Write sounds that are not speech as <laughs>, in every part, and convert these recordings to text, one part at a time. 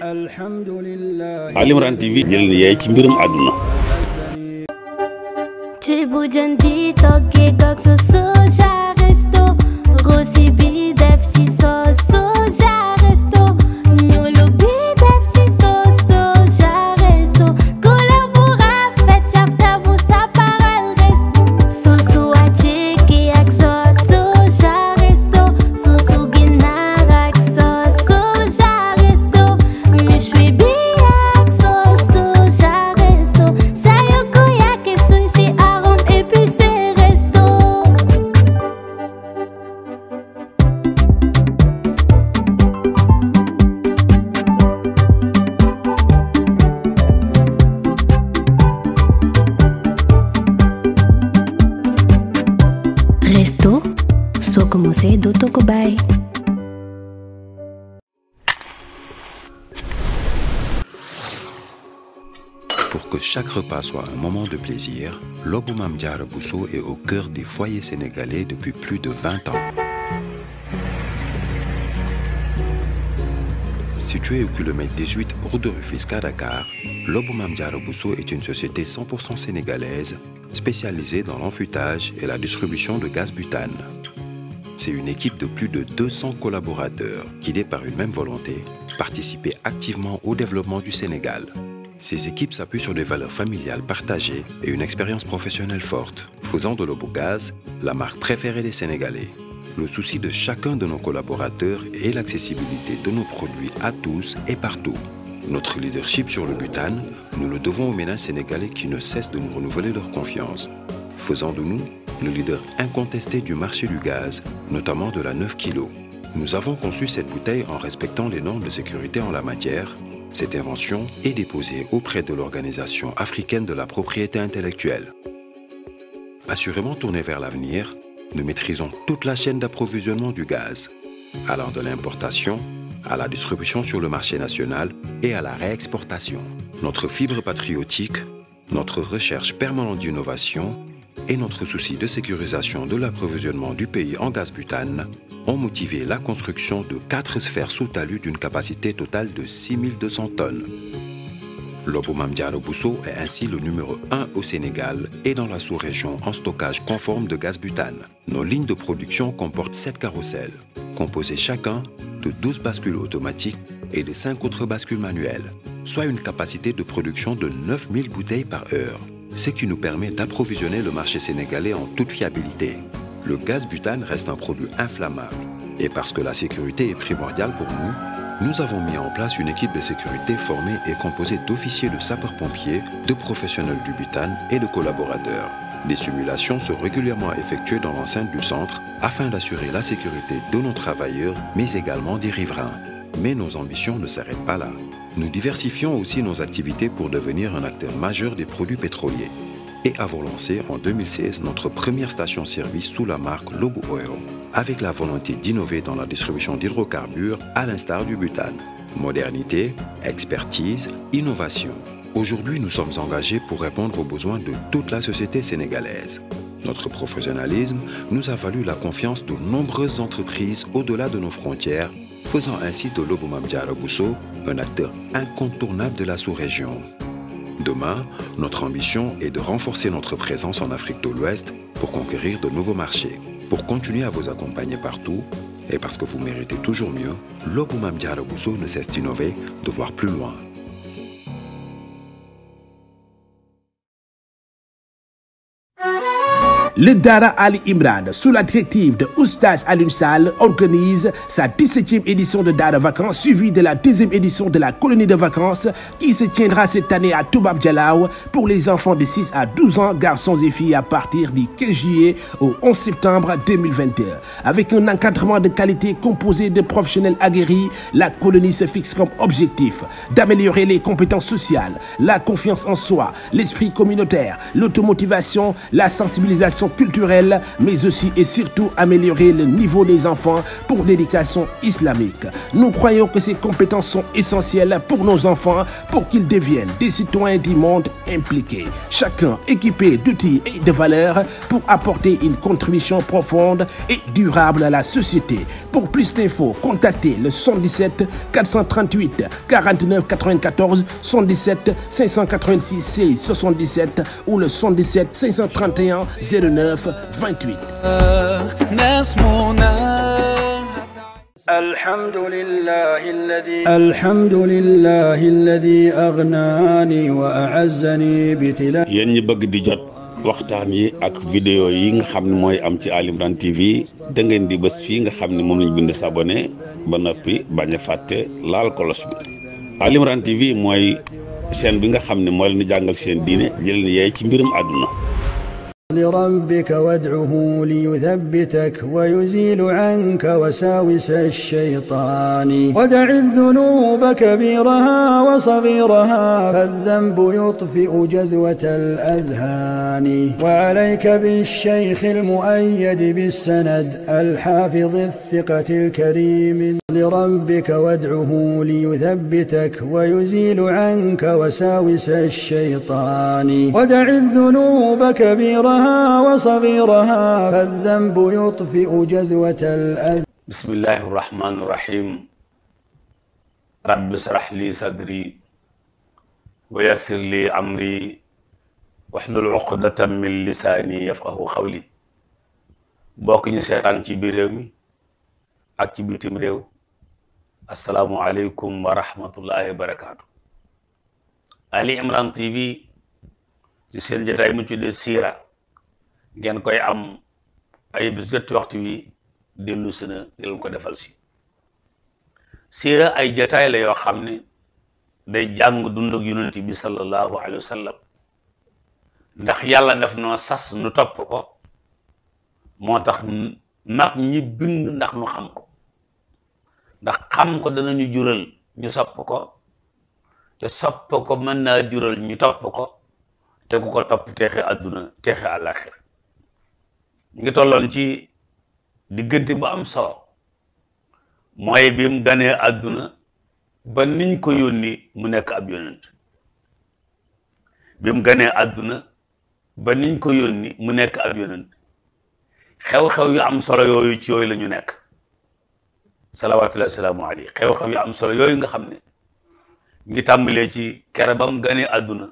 Ali Imran TV ñu leen yaay ci mbirum àdduna Bye. Pour que chaque repas soit un moment de plaisir, l'Oboumam Diara Bousso est au cœur des foyers sénégalais depuis plus de 20 ans. Situé au kilomètre 18 route de Rufisque à Dakar, l'Oboumam Diara Bousso est une société 100% sénégalaise spécialisée dans l'enfûtage et la distribution de gaz butane. C'est une équipe de plus de 200 collaborateurs, guidés par une même volonté, participer activement au développement du Sénégal. Ces équipes s'appuient sur des valeurs familiales partagées et une expérience professionnelle forte, faisant de l'Obogaz la marque préférée des Sénégalais. Le souci de chacun de nos collaborateurs est l'accessibilité de nos produits à tous et partout. Notre leadership sur le butane, nous le devons aux ménages sénégalais qui ne le leader incontesté du marché du gaz, notamment de la 9 kg. Nous avons conçu cette bouteille en respectant les normes de sécurité en la matière. Cette invention est déposée auprès de l'Organisation africaine de la propriété intellectuelle. Assurément tournée vers l'avenir, nous maîtrisons toute la chaîne d'approvisionnement du gaz, allant de l'importation à la distribution sur le marché national et à la réexportation. Notre fibre patriotique, notre et notre souci de sécurisation de l'approvisionnement du pays en gaz butane ont motivé la construction de quatre sphères sous talus d'une capacité totale de 6200 tonnes. L'Oboumam Diallo Bousso est ainsi le numéro 1 au Sénégal et dans la sous-région en stockage conforme de gaz butane. Nos lignes de production comportent 7 carrousels, composés chacun de 12 bascules automatiques et de 5 autres bascules manuelles, soit une capacité de production ce qui nous permet d'approvisionner le marché sénégalais en toute fiabilité. Le gaz butane reste un produit inflammable. Et parce que la sécurité est primordiale pour nous, nous avons mis en place une équipe de sécurité formée et composée d'officiers de sapeurs-pompiers, de professionnels du butane et de collaborateurs. Des simulations sont régulièrement effectuées dans l'enceinte du centre afin d'assurer la sécurité de nos travailleurs, mais également Nous diversifions aussi nos activités pour devenir un acteur majeur des produits pétroliers et avons lancé en 2016 notre première station-service sous la marque Lobo Oil, avec la volonté d'innover dans la distribution d'hydrocarbures à l'instar du butane. Modernité, expertise, innovation. Aujourd'hui, nous sommes engagés pour répondre aux besoins de toute la société sénégalaise. Notre professionnalisme nous a valu la confiance de nombreuses entreprises au-delà faisant ainsi de Lobo Mame Diarra Bousso un acteur incontournable de la sous-région. Demain, notre ambition est de renforcer notre présence en Afrique de l'Ouest pour conquérir de nouveaux marchés. Pour continuer à vous accompagner partout, et parce que vous méritez toujours mieux, Lobo Mame Diarra Bousso ne cesse d'innover, de voir plus loin. Le Dara Ali Imran, sous la directive de Oustaz Alioune organise sa 17e édition de Dara Vacances, suivie de la deuxième édition de la colonie de vacances, qui se tiendra cette année à Toubab Dialaw pour les enfants de 6 à 12 ans, garçons et filles, à partir du 15 juillet au 11 septembre 2022. Avec un encadrement de qualité composé de professionnels aguerris, la colonie se fixe comme objectif d'améliorer les compétences sociales, la confiance en soi, l'esprit communautaire, la sensibilisation l'éducation culturelle, mais aussi et surtout améliorer le niveau des enfants pour l'éducation islamique. Nous croyons que ces compétences sont essentielles pour nos enfants pour qu'ils deviennent des citoyens du monde impliqués, chacun équipé d'outils et de valeurs pour apporter une contribution profonde et durable à la société. Pour plus d'infos, contactez le 77 438 49 94 77 586 6 77 ou le 77 531 09 79 28. الحمد لله الذي الحمد لله الذي أغناني وأعزني بتلاوته yéen ñi bëgg di jot waxtaan yi ak vidéo yi nga xam ne mooy am ci Ali Imran TV da ngeen di bés fii nga xam ne moom lañ bind s'abonner ba noppi bañ a fàtte laal kolos bi Ali Imran TV mooy chaîne bi nga xam ne moo leen di jàngal seen diine jëleen yaay ci mbirum àdduna لربك وادعه ليثبتك ويزيل عنك وساوس الشيطان ودع الذنوب كبيرها وصغيرها فالذنب يطفئ جذوة الأذهان وعليك بالشيخ المؤيد بالسند الحافظ الثقة الكريم لربك وادعه ليثبتك ويزيل عنك وساوس الشيطان ودع الذنوب كبيرها وصغيرها فالذنب يطفئ جذوة الأذى بسم الله الرحمن الرحيم رب اشرح لي صدري ويسر لي أمري واحلل عقدة من لساني يفقه قولي bokk ñu seetaan ci biir réew mi ak ci bitim réew asalaamualeykum wa rahmatullahi wa barakaatu Ali Imran TV ci seen jotaay mu tuddee siira ngeen koy am ay bis jotti waxtu wi dellu si na di leen ko defal si siira ay jotaay la yoo xam ne day jàng dund ak yonent bi sallallahu alayhi wa sallam ndax yàlla def noo sas nu topp ko moo tax mag ñi bind ndax nu xam ko ndax xam ko dana danañu jural ñu sopp ko te sopp ko mën naa jural ñu topp ko te ku ko topp teexe àdduna teexe àlaxir ñu ngi tolloon ci di diggante bu am solo mooy bim mu ganee àdduna ba niñ ko yónni mu nekk ab yónent bi mu ganee àdduna ba niñ ko yónni mu nekk ab yónent xew-xew yu am solo yooyu ci yooyu la ñu nekk salawaatullahi salaamu alayhi xew-xew yu am solo yooyu nga xam ne ngi tàmbalee ci kere ba mu ganee àdduna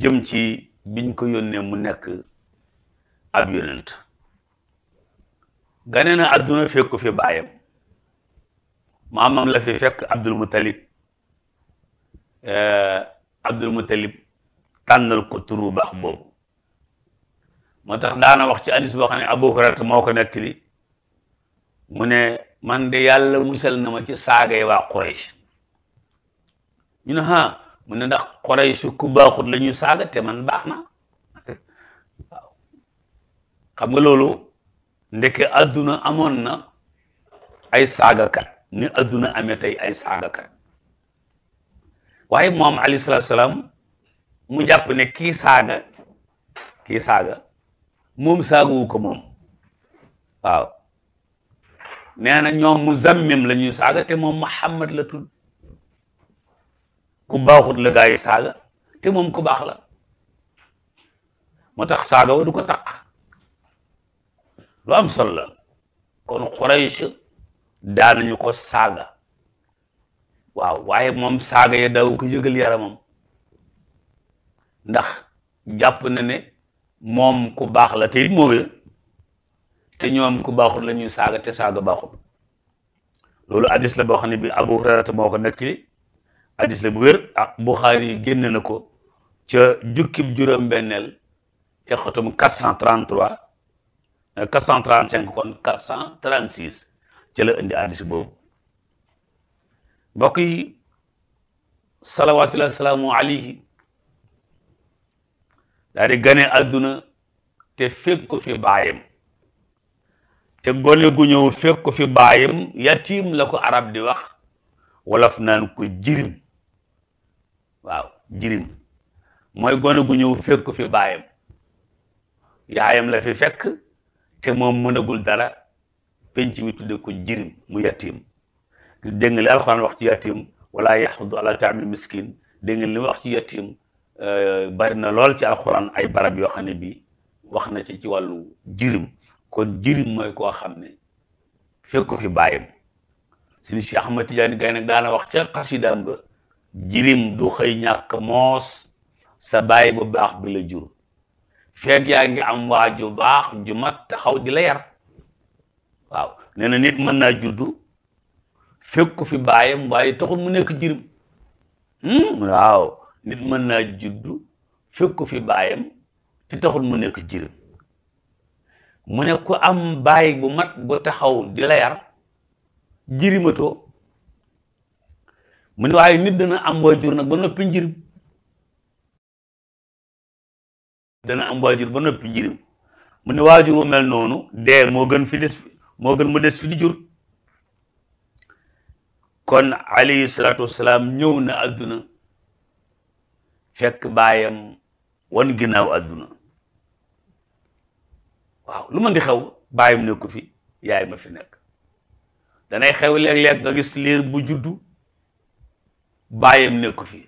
jëm ci biñ ko yónnee mu nekk ab yonent gane na àdduna fekku fi baayam maamam la fi fekk Abdul Muttalib eh, Abdul Muttalib tànnal ko turu baax boobu moo tax daana wax ci hadis boo xam ne Abu Hurayra moo ko nettali mu ne man de yàlla musal na ma ci saaga waa Quraysh ñu ne ha mu ne ndax Quraysh ku baaxut la ñuy saaga te man baax na waaw <laughs> xam nga loolu ndeke adduna amoon na ay saagakat ni adduna amee tey ay saagakat waaye moom alayhi salaatu salaam mu jàpp ne kii saaga kii saaga moom saagawu ko moom waaw nee na ñoom muzammim la ñuy saaga te moom Muhammad la tul ku baaxut la gaa yi saaga te moom ku baax la moo tax saaga du ko taq lu am solo la kon Quraysh daanañu ko saaga waaw waaye moom saaga ya daaw ko yëgal yaramam ndax jàpp na ne moom ku baax la te it te ñoom ku baaxul la ñuy saaga te saaga baaxul loolu hadis la boo xam ne bi Abu Hurayrata moo ko nettali hadis la bu wér ah Buxaari génn na ko ca jukkib juróom-benneel ca xatum 433 435 eh, kon 436 ca la indi hadis boobu mbokk yi salawaatullahi salaamu alayhi daal di gane àdduna te fekk ko fi baayam te gone gu ñëw fekk ko fi baayam yatim la ko arab di wax wolof naan ko jirim waaw jirim mooy gone gu ñëw fekk ko fi baayam yaayam la fi fekk te moom mënagul dara penc mi tudde ko jirim mu yatim dégg nga li alxuraan wax ci yatim wala yaxudu ala taamil miskin dégg nga li wax ci yatim bari na lool ci alxuraan ay barab yoo xam ne bi wax na ci ci wàllu jirim kon jirim mooy koo xam ne fekk fi bàyyam suñu Cheikh Ahmad Tidiane Gaye nag daana wax ca xasidaam ga jirim du xëy ñàkk moos sa bàyyi bi baax bi la jur feeg yaa ngi am waa ju baax ju mat taxaw di la yar waaw nee na nit mën naa juddu fekk fi bàyyam waaye taxul mu nekk jirim hmm, waaw nit mën naa juddu fi bàyyam te nekk jirim mune ne ku am baay bu mat bu taxaw di la yar jirimatoo mu ne na am waajur nag ba noppi njirim dana am waajur ba noppi njirim mu wu mel noonu dee moo gën fi des moo gën mu des fi jur kon alayhi salaatu wasalaam ñëw na àdduna fekk baayam wan ginnaaw àdduna waaw lu ma di xew bàyyim nekku fi yaay ma fi nekk danay xew léeg-léeg gis liir bu juddu bàyyim nekku fi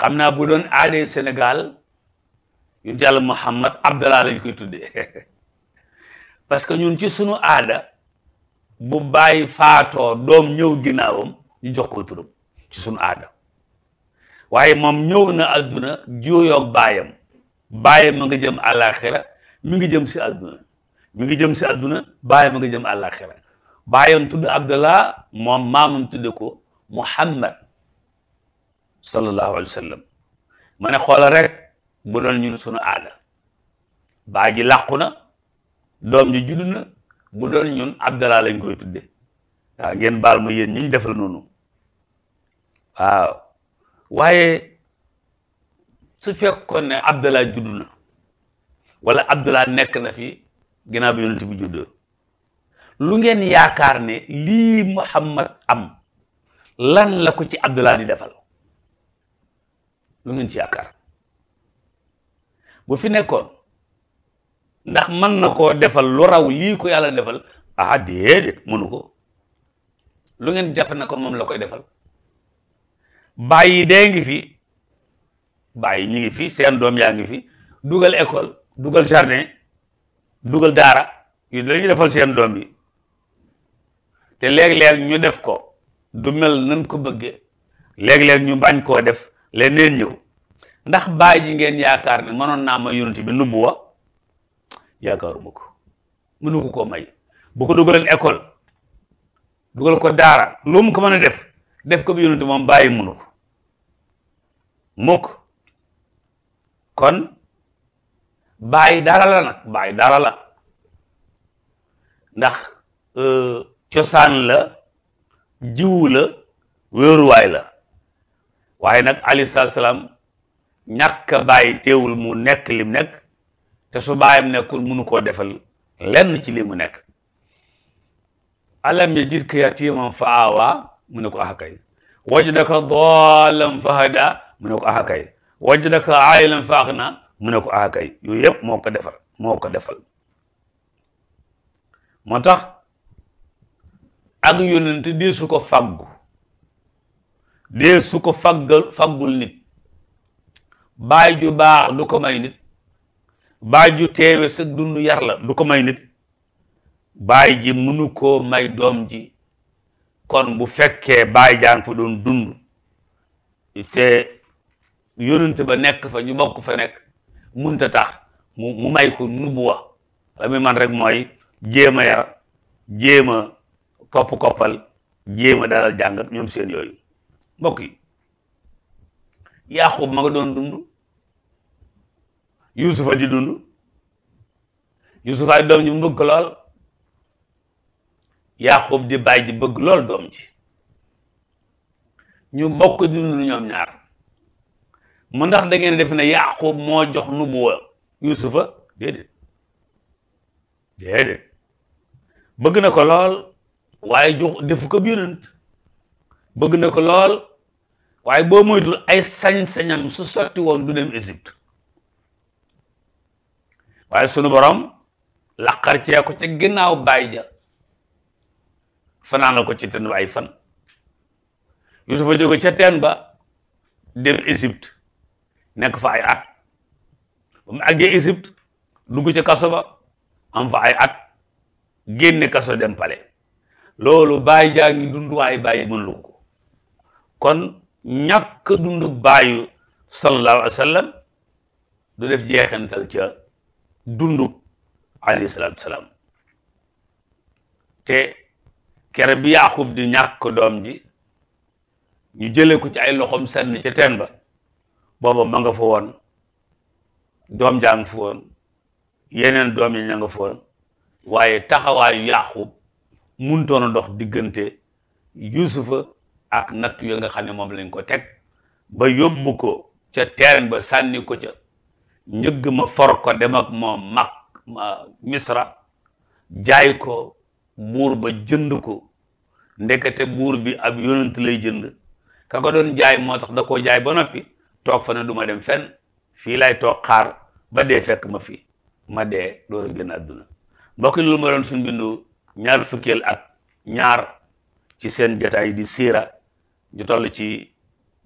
xam na bu doon aadee Sénégal yu jàll Muhammad Abdallah lañ koy tuddee <laughs> parce que ñun ci sunu aada bu bàyyi faatoo doom ñëw ginnaawam ñu jox ko ci sunu aada waaye moom ñëw na àdduna juyoog baayam baayam ma nga jëm mi ngi jëm si àdduna mi ngi jëm si àdduna bàyyi ma nga jëm àllaaxira bàyyam tudd abdallah moom maamam tudde ko muhammad sallallahu alayhi wa sallam ma ne xoola rek bu doon ñun sunu aada baa ji làqu na doom ji judd na bu doon ñun abdallah lañ koy tudde waaw ngeen baal ma yéen ñiñ defal noonu waaw waaye su fekkoon ne abdallah judd na wala Abdullah nekk na fi ginnaaw bi yonent bi juddoo lu ngeen yaakaar ne lii Muhammad am lan la ko ci Abdullah di defal lu ngeen ci yaakaar bu fi nekkoon ndax mën na ko defal lu raw lii ko yàlla defal ah déedéet mënu ko lu ngeen jàpp na ko moom la koy defal bàyyi dee ngi fi bàyyi ñu ngi fi seen doom yaa ngi fi dugal école dugal jardin dugal daara yu la ñu defal seen doom yi te léeg-léeg ñu def ko du mel nañ ko bëgge léeg-léeg ñu bañ koo def leneen ñëw ndax baay ji ngeen yaakaar ne mënoon naa ma yonent bi nubbu wa yaakaaruma ko mënu ko koo may bu ko dugaleen école dugal ko daara lu mu ko mën a def def ko bi yonent moom bàyyi mënu ko mukk kon bàyyi dara la nag bàyyi dara la ndax euh, cosaan la jiwu la wéeruwaay la waaye nag alei salatu salaam ñàkk teewul mu nekk lim nekk te su bàyyam nekkul munu koo defal lenn ci li mu nekk alam yajidka yatiman fa aawa mu ne ko axakay ah wajadaka dalan fa hada mu ne ko axakay ah wajadaka aayilan fa axna mu ne ko ah kay yooyu yëpp moo ko defal moo ko defal moo tax ak yónente dee su ko fàggu dee su ko fàggal fàggul nit baay ju baax ko may nit baay ju teewe sa dund yar la du ko may nit baay ji mënu koo may doom ji kon bu fekkee baajaan jaan fa doon dund te yónente ba nekk fa ñu bokk fa nekk munta tax mu mu may ko nubuwa la muy man rek mooy jéem a yar jéem kopp-koppal jéem a dalal jàngat ñoom seen yooyu mbokk yi Yaaxub ma nga doon dund Yuusufa di dund Yuusufa di doom ji mu di bàyyi ji bëgg lool doom ji ñu bokk di ñaar mu ndax da ngeen def na Yaaqub moo jox nubuwa Yuusufa déedéet déedéet bëgg na ko lool waaye jox def ko yonent bëgg na ko lool waaye boo moytul ay sañ-sañam su sotti woon du dem Égypte waaye sunu borom laqar cee ko ca ginnaaw baay ja fanaana ko ci teen ba ay fan Yuusufa jóge ca teen ba dem Égypte nekk fa ay at ba mu àggee Égypte dugg ca kaso ba am fa ay at génne kaso dem pale loolu bàyyi jaa ngi dund waaye bàyyi mënlu ko kon ñàkk dund bàyyu sallallahu alayhi du def jeexantal ca dundu alayhi salaatu salaam te kere bi Yaaxub di ñàkk doom ji ñu jële ko ci ay loxoom sànni ca teen ba booba ma nga woon doom jaa nga fa yeneen doom yi ña nga waaye woon waaye taxawaayu Yaaqub muntoon a diggante Yuusufa ak natt yo nga xam ne moom lañ ko teg ba yóbbu ko ca terrain ba sànni ko ca njëgg ma for ko dem ak moom mag Misra jaay ko buur ba jënd ko ndekete buur bi ab yonent lay jënd ka ko doon jaay moo tax da ko jaay ba noppi toog fa ne du ma dem fenn fii laay toog xaar ba dee fekk ma fi ma dee door a génn àdduna mbokk yi lu ma doon suñ bindu ñaar fukkeel ak ñaar ci seen jotaay di siira ñu toll ci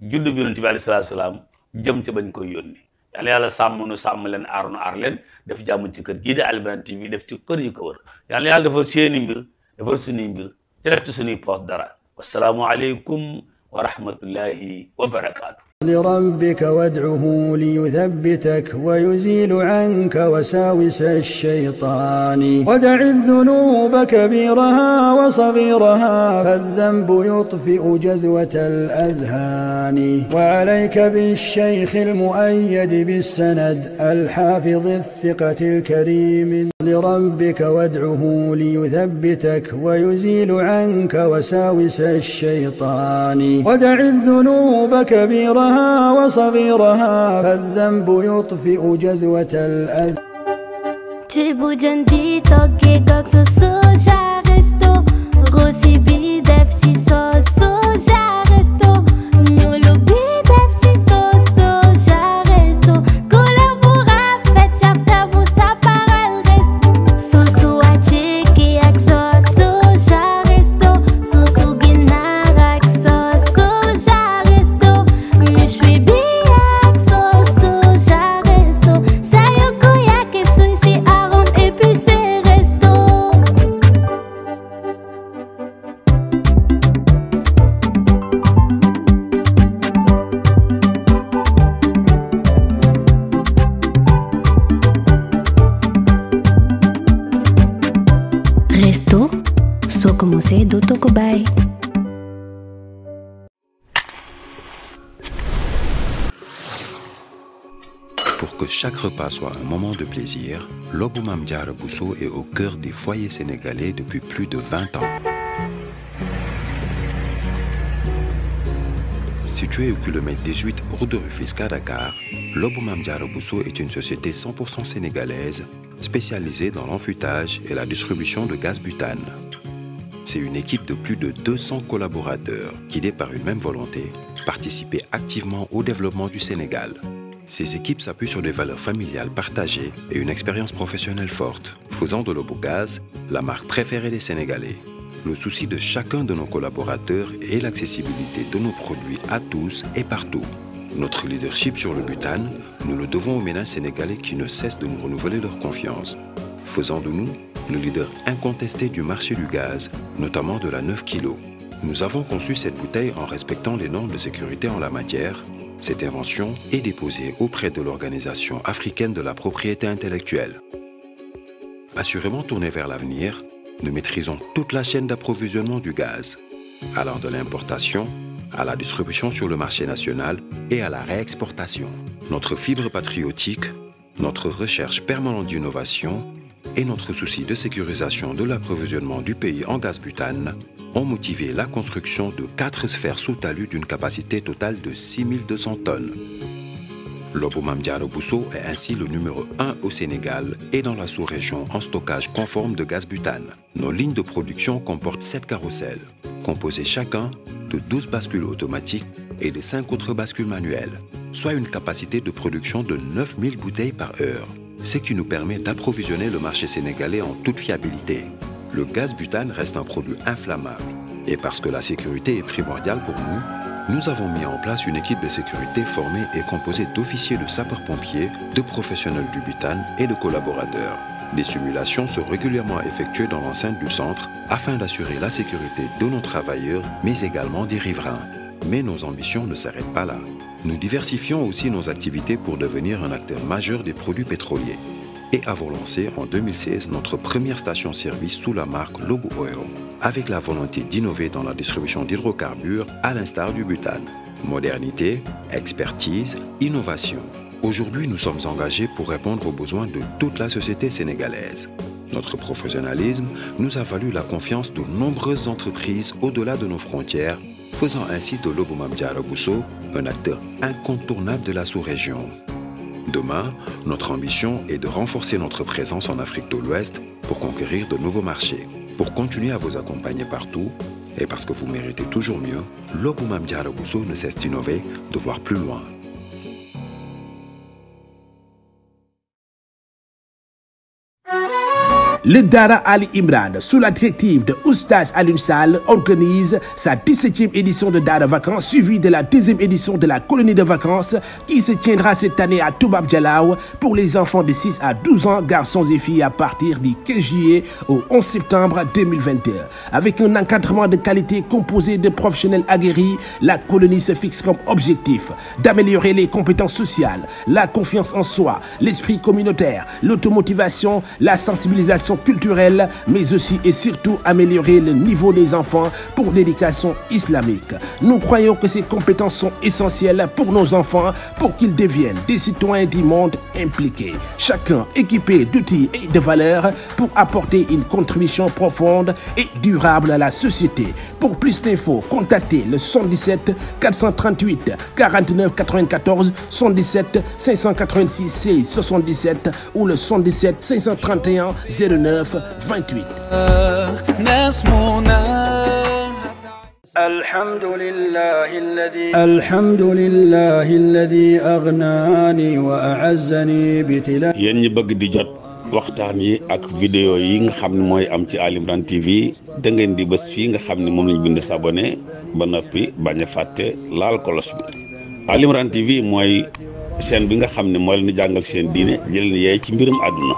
juddu bi yonent bi alayhi salaatu salaam jëm ca bañ koy yónni yàlla yàlla sàmm nu sàmm leen aar nu aar leen def jàmm ci kër gii di Al Imran TV def ci kër yu ko wër yàlla yàlla defar seeni mbir defar suñuy mbir ci def ci suñuy poos dara wasalaamualeykum wa rahmatullahi wa barakaatu. لربك وادعه ليثبتك ويزيل عنك وساوس الشيطان ودع الذنوب كبيرها وصغيرها فالذنب يطفئ جذوة الأذهان وعليك بالشيخ المؤيد بالسند الحافظ الثقة الكريم لربك وادعه ليثبتك ويزيل عنك وساوس الشيطان ودع الذنوب كبيرها وصغيرها فالذنب يطفئ جذوة الأذى J'ai beau d'un dit, ok, coque, so, so, j'arrête, grossi, bien. do Pour que chaque repas soit un moment de plaisir, l'Oboumam Diara Bousso est au cœur des foyers sénégalais depuis plus de 20 ans. Situé au kilomètre 18 route de Rufisque à Dakar, l'Oboumam Diara Bousso est une société sénégalaise spécialisée dans l'enfûtage et la distribution de gaz butane. C'est une équipe de plus de collaborateurs, guidés par une même volonté, participer activement au développement du Sénégal. Ces équipes s'appuient sur des valeurs familiales partagées et une expérience professionnelle forte, faisant de l'Obogaz la marque préférée des Sénégalais. Le souci de chacun de nos collaborateurs est l'accessibilité de nos produits à tous et partout. Notre leadership sur le butane, nous le devons aux ménages sénégalais qui ne le leader incontesté du marché du gaz, notamment de la 9 kg. Nous avons conçu cette bouteille en respectant les normes de sécurité en la matière. Cette invention est déposée auprès de l'Organisation africaine de la propriété intellectuelle. Assurément tournée vers l'avenir, nous maîtrisons toute la chaîne d'approvisionnement du gaz, allant de l'importation à la distribution sur le marché national et à la réexportation. Notre fibre patriotique, notre recherche et notre souci de sécurisation de l'approvisionnement du pays en gaz butane ont motivé la construction de quatre sphères sous talus d'une capacité totale de 6200 tonnes. L'Oboumam Diallo Bousso est ainsi le numéro au Sénégal et dans la sous-région en stockage conforme de gaz butane. Nos lignes de production comportent 7 carrousels, composés chacun de 12 bascules automatiques et de 5 autres bascules manuelles, soit une capacité de production ce qui nous permet d'approvisionner le marché sénégalais en toute fiabilité. Le gaz butane reste un produit inflammable. Et parce que la sécurité est primordiale pour nous, nous avons mis en place une équipe de sécurité formée et composée d'officiers de sapeurs-pompiers, de professionnels du butane et de collaborateurs. Des simulations sont régulièrement effectuées dans l'enceinte du centre afin d'assurer la sécurité de nos travailleurs, mais également Nous diversifions aussi nos activités pour devenir un acteur majeur des produits pétroliers et avons lancé en 2016 notre première station-service sous la marque Lobo Oil, avec la volonté d'innover dans la distribution d'hydrocarbures à l'instar du butane. Modernité, expertise, innovation. Aujourd'hui, nous sommes engagés pour répondre aux besoins de toute la société sénégalaise. Notre professionnalisme nous a valu la confiance de nombreuses entreprises au-delà faisant ainsi de Lobou Mame un acteur incontournable de la sous-région. Demain, notre ambition est de renforcer notre présence en Afrique de l'Ouest pour conquérir de nouveaux marchés. Pour continuer à vous accompagner partout, et parce que vous méritez toujours mieux, Lobou Mame ne cesse d'innover, de voir plus loin. Le Dara Ali Imran, sous la directive de Oustaz Alioune Sall, organise sa 17e édition de Dara Vacances, suivie de la deuxième édition de la colonie de vacances qui se tiendra cette année à Toubab Dialaw pour les enfants de 6 à 12 ans, garçons et filles à partir du 15 juillet au septembre Avec un encadrement de qualité composé de professionnels aguerris, la colonie se fixe comme objectif d'améliorer les compétences sociales, la confiance en soi, l'esprit communautaire, l'automotivation, la sensibilisation l'éducation culturelle, mais aussi et surtout améliorer le niveau des enfants pour l'éducation islamique. Nous croyons que ces compétences sont essentielles pour nos enfants pour qu'ils deviennent des citoyens du monde impliqués, chacun équipé d'outils et de valeurs pour apporter une contribution profonde et durable à la société. Pour plus d'infos, contactez le 77 438 49 94 77 586 6 77 ou le 77 531 09 9 28 الحمد لله الذي الحمد لله الذي أغناني وأعزني بتلا yéen ñi bëgg di jot waxtaan yi ak vidéo yi nga xam ne mooy am ci Ali Imran TV da ngeen di bés fii nga xam ne moom lañ bind s'abonner ba noppi bañ a fàtte laal kolos bi Ali Imran TV mooy chaîne bi nga xam ne moo leen di jàngal seen diine jëleen yeey ci mbirum àdduna